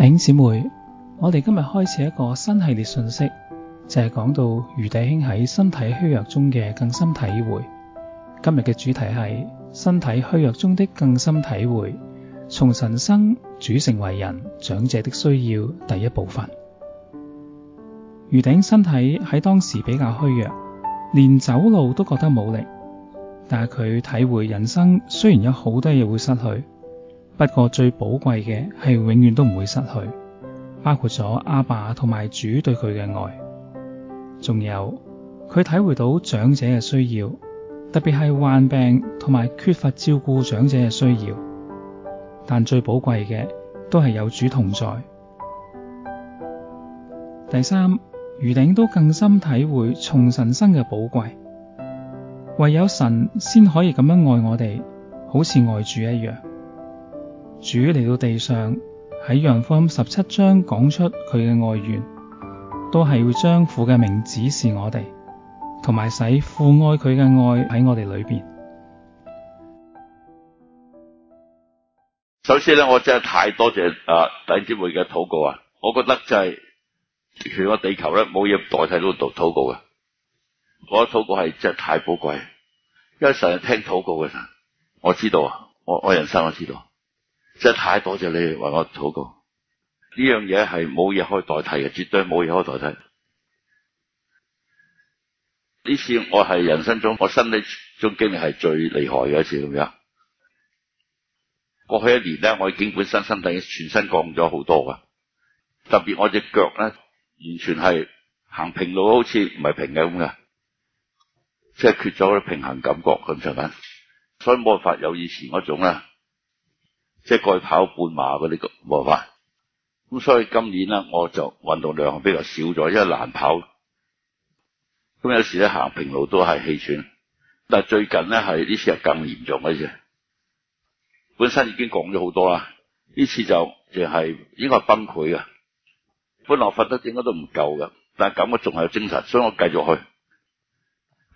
弟兄姊妹，我哋今日開始一個新系列信息，就係、是、講到余弟兄喺身體虛弱中嘅更深體會。今日嘅主題係身體虛弱中的更深體會，從神生、主成為人、長者的需要，第一部分。余弟兄身體喺當時比較虛弱，連走路都覺得冇力，但係佢體會人生雖然有好多嘢會失去。不過最寶貴嘅係永遠都唔會失去，包括咗阿爸同埋主對佢嘅愛，仲有佢體會到長者嘅需要，特別係患病同埋缺乏照顧長者嘅需要。但最寶貴嘅都係有主同在。第三，余頂都更深體會從神生嘅寶貴，唯有神先可以咁樣愛我哋，好似愛主一樣。主嚟到地上喺《約翰》十七章講出佢嘅愛願，都係要將父嘅名指示我哋，同埋使父愛佢嘅愛喺我哋裏邊。首先咧，我真係太多謝啊弟兄姐妹嘅禱告啊！我覺得就係、是、全個地球咧，冇嘢代替到禱告嘅，我嘅禱告係真係太寶貴，因為成日聽禱告嘅人，我知道啊，我我人生我知道。真係太多謝你為我禱告，呢樣嘢係冇嘢可以代替嘅，絕對冇嘢可以代替。呢次我係人生中，我身體中經歷係最厲害嘅一次咁樣。過去一年咧，我已經本身身體全身降咗好多㗎，特別我隻腳咧，完全係行平路好似唔係平嘅咁嘅，即係缺咗啲平衡感覺咁，係咪？所以冇辦法有以前嗰種啦。即係過去跑半馬嗰啲咁冇法，咁所以今年咧我就運動量比較少咗，因為難跑，咁有時咧行平路都係氣喘，但係最近咧係呢次係更嚴重嘅啫。本身已經講咗好多啦，呢次就就係應該係崩潰嘅，本來我瞓得點解都唔夠嘅，但係咁我仲係有精神，所以我繼續去。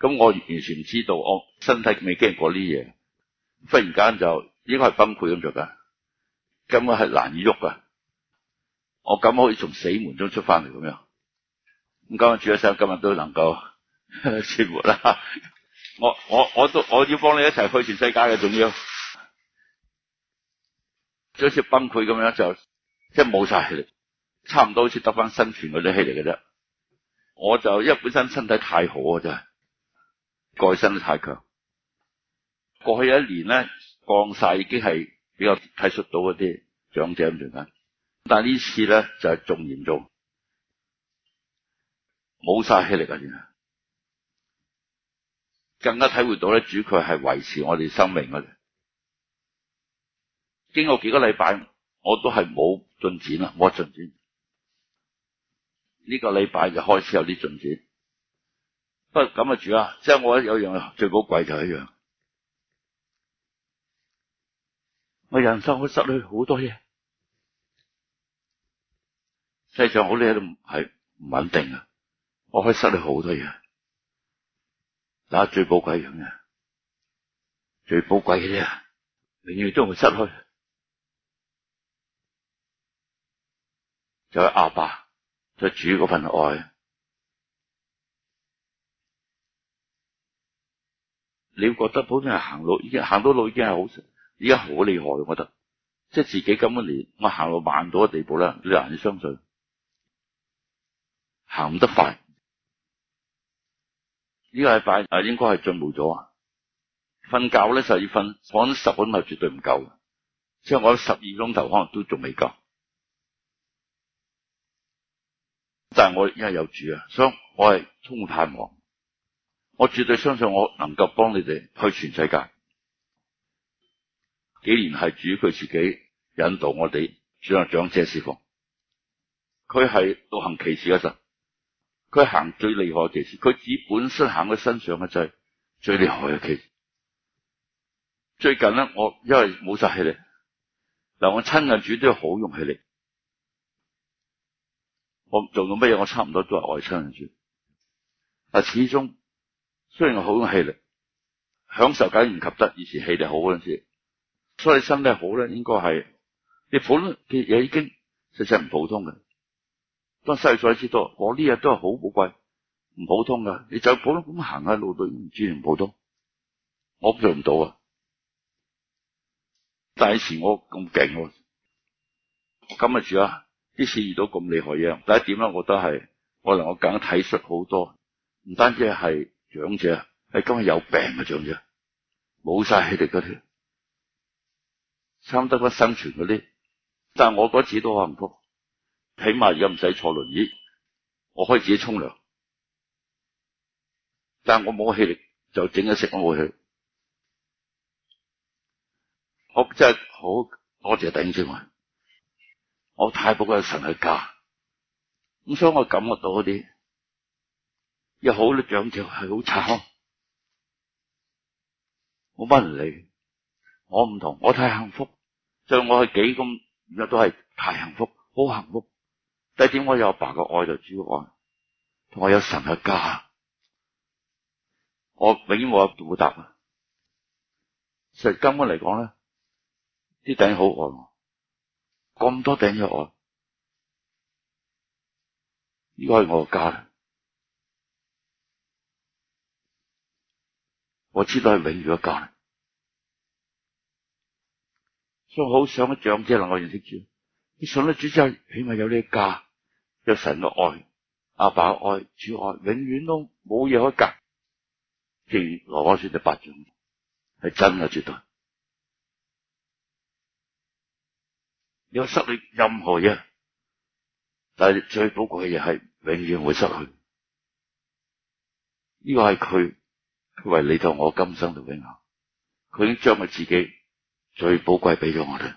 咁我完全唔知道，我身體未經過呢嘢，忽然間就應該係崩潰咁着㗎。根本係難以喐噶，我咁可以從死門中出翻嚟咁樣。咁今日主耶穌，今日都能夠存活啦。我我我都我要幫你一齊去全世界嘅。仲要，好似崩潰咁樣就，即係冇晒氣力，差唔多好似得翻生存嗰啲氣力嘅啫。我就因為本身身體太好啊，真係，再身得太強。過去一年咧，降晒已經係。比較體恤到嗰啲長者咁樣，但係呢次咧就係仲嚴重，冇晒氣力啊！已經更加體會到咧，主佢係維持我哋生命啊！經過幾個禮拜，我都係冇進展啦，冇進展。呢個禮拜就開始有啲進展，不過咁啊，主啊，即係我有樣最高貴就係一樣。我人生可以失去好多嘢，世上好多嘢都唔係唔穩定啊！我可以失去好多嘢，但係最寶貴嘅嘢，最寶貴嘅嘢，永遠都唔會失去。就係阿爸對主嗰份愛，你覺得普通人行路已經行到路已經係好。而家好厲害，我覺得，即係自己今個年我行到慢到嘅地步咧，你難以相信，行唔得快。呢個禮拜啊，應該係進步咗啊。瞓覺咧就要瞓，我諗十分係絕對唔夠嘅，即係我十二鐘頭可能都仲未夠。但係我依家有主啊，所以我係充滿盼望，我絕對相信我能夠幫你哋去全世界。幾年係主佢自己引導我哋，想阿長者釋傅。佢係獨行奇事嗰陣，佢行最厲害嘅奇事，佢以本身行喺身上嘅就係最厲害嘅奇事。最近呢，我因為冇晒氣力，嗱我親嘅煮都好用氣力，我做到乜嘢，我差唔多都係愛親人主。但始終，雖然我好用氣力，享受梗係唔及得以前氣力好嗰陣時。所以身體好咧，應該係你普通嘅嘢已經實質唔普通嘅。當西醫知道，我呢日都係好寶貴、唔普通嘅。你就普通咁行喺路度，唔知唔普通。我不做唔到啊！第時我咁勁，我今日住啊，啲事遇到咁厲害嘢。第一點咧，我覺得係可能我更加體恤好多，唔單止係長者，誒，今日有病嘅、啊、長者，冇晒氣力嗰、啊、啲。差唔多生存嗰啲，但係我嗰次都幸福，起碼而家唔使坐輪椅，我可以自己沖涼。但係我冇氣力，就整咗食我冇氣，我真係好多謝弟兄們，我太寶貴神嘅家。咁所以我感覺到嗰啲，有好多長者，係好慘，我乜人嚟？我唔同，我太幸福，就我係幾咁而都係太幸福，好幸福。第一點，我有阿爸個愛就主愛，同我有神嘅家，我永遠冇有報答。所以根本嚟講咧，啲頂好愛我，咁多頂嘅愛，呢個係我嘅家，我知道係永遠嘅家。將好上一掌先能夠認識主，你上咗主之後，起碼有呢個家，有神嘅愛，阿爸嘅愛，主愛，永遠都冇嘢可以隔。正如《羅馬書》第八章，係真啊，絕對。有失去任何嘢，但係最寶貴嘅嘢係永遠會失去。呢個係佢為你同我今生到永恆，佢已經將佢自己。最寶貴俾咗我哋，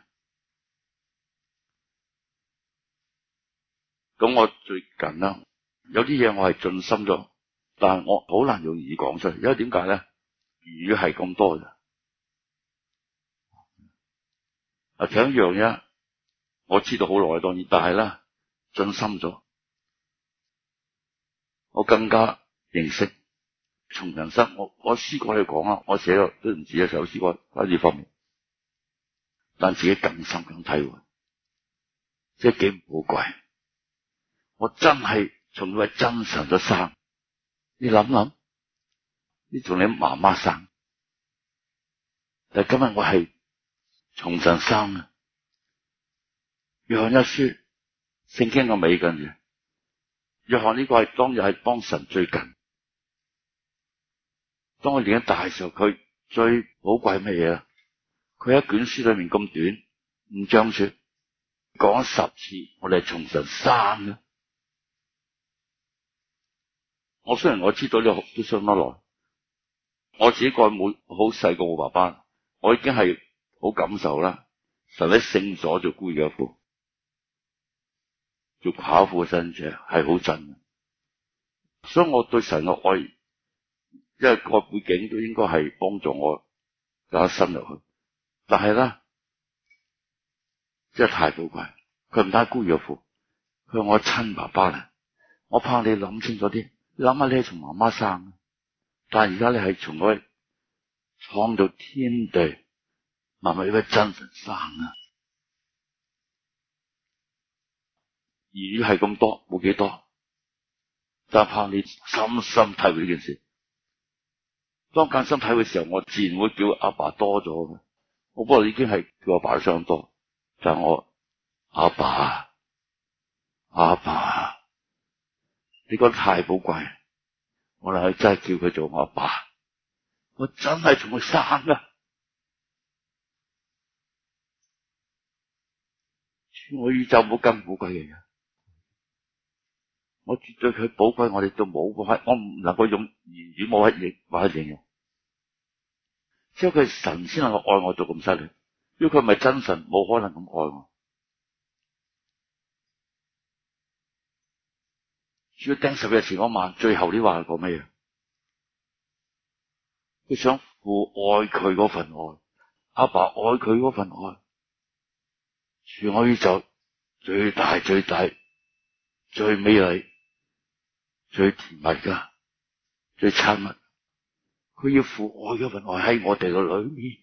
咁我最近啦，有啲嘢，我係進深咗，但係我好難用語講出嚟。因為點解咧？語係咁多嘅。啊，仲有一樣嘢，我知道好耐當然，但係咧進深咗，我更加認識從人生，我我詩歌去講啊，我寫咗都唔止一首詩歌關於呢方面。但自己更深咁體會，即係幾寶貴。我真係從佢係真神都生，你諗諗，你同你媽媽生，但今日我係從神生啊！約翰一書，聖經個尾跟住，約翰呢個係當日係幫神最近。當我年紀大嘅時候，佢最寶貴乜嘢啊？佢一卷書裏面咁短，五章書講咗十次，我哋係從神生啊。我雖然我知道呢啲都傷得耐，我自己個妹好細個，我爸爸，我已經係好感受啦。神喺聖所就孤兒嘅父，做寡婦嘅身者係好真。所以我對神嘅愛，因為個背景都應該係幫助我加深入去。但係咧，即係太寶貴。佢唔單止孤姑父，佢係我親爸爸咧。我怕你諗清楚啲，諗下你係從媽媽生，但係而家你係從我創造天地萬物嘅真神生啊！語係咁多，冇幾多，但怕你深深體會呢件事。當更深體會嘅時候，我自然會叫阿爸爸多咗我不過已經係叫阿爸上多，就係我阿爸阿爸，你覺得太寶貴，我諗真係叫佢做我阿爸，我真係從佢生噶，我宇宙冇咁寶貴嘅嘢，我絕對佢寶貴，我哋都冇可我唔能夠用言語冇可以影冇可以形容。即係佢神先能夠愛我到咁犀利，如果佢唔係真神，冇可能咁愛我。主要釘十日前嗰晚，最後啲話係講乜嘢？佢想父愛佢嗰份愛，阿爸愛佢嗰份愛，全愛宇宙最大、最大、最美麗、最甜蜜、噶最親密。佢要父愛嘅份愛喺我哋嘅裏面，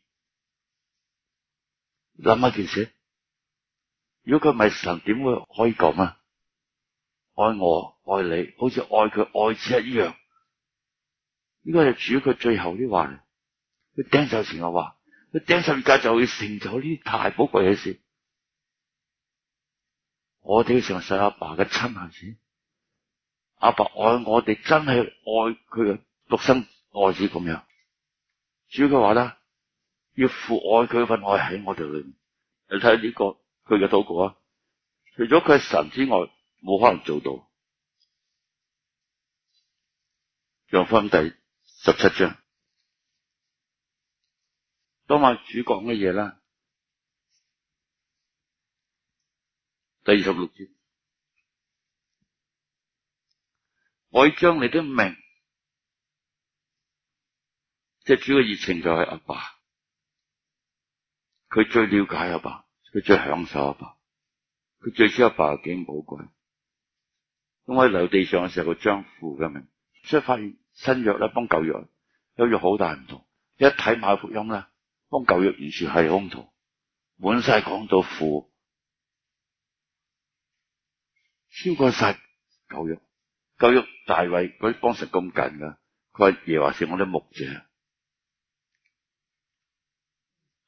諗一件事，如果佢唔係神，點會可以講啊？愛我愛你，好似愛佢愛子一,一樣。呢個係主佢最後啲話，佢釘十字架嘅話，佢釘十字架就要成就呢啲太寶貴嘅事。我哋要成為阿爸嘅親孩子，阿爸，爸愛我哋，真係愛佢嘅獨生。愛子咁樣，主佢話啦，要父愛佢份愛喺我哋裏面。你睇下呢個佢嘅禱告啊，除咗佢係神之外，冇可能做到。約翰第十七章，當晚主講乜嘢啦？第二十六節，我將你的名。即係主要熱情就係阿爸，爸，佢最了解阿爸，爸，佢最享受阿爸，爸，佢最知阿爸係幾寶貴。咁我喺留地上嘅時候，佢將父嘅名，所以發現新約咧幫舊約，有咗好大唔同。一睇馬福音啦，幫舊約完全係衝突，滿晒講到父超過晒舊約，舊約大衛嗰啲幫神咁近噶。佢話耶和華是我啲牧者。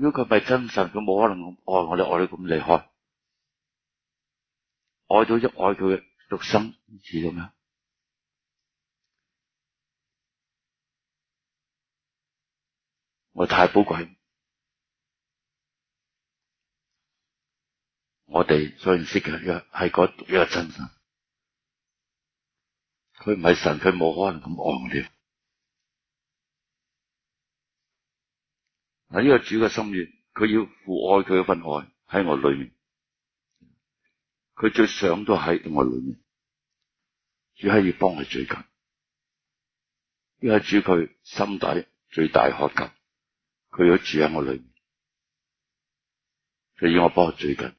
如果佢唔係真神，佢冇可能咁愛我哋，愛得咁厲害，愛到咗愛佢嘅獨生似咁樣。我太寶貴，我哋所認識佢嘅係嗰一個真神。佢唔係神，佢冇可能咁愛我哋。呢個主嘅心意，佢要父愛佢嘅份愛喺我裏面，佢最想都喺我裏面。只係要幫佢最近，因為主佢心底最大渴求，佢要住喺我裏面，佢要我幫佢最近。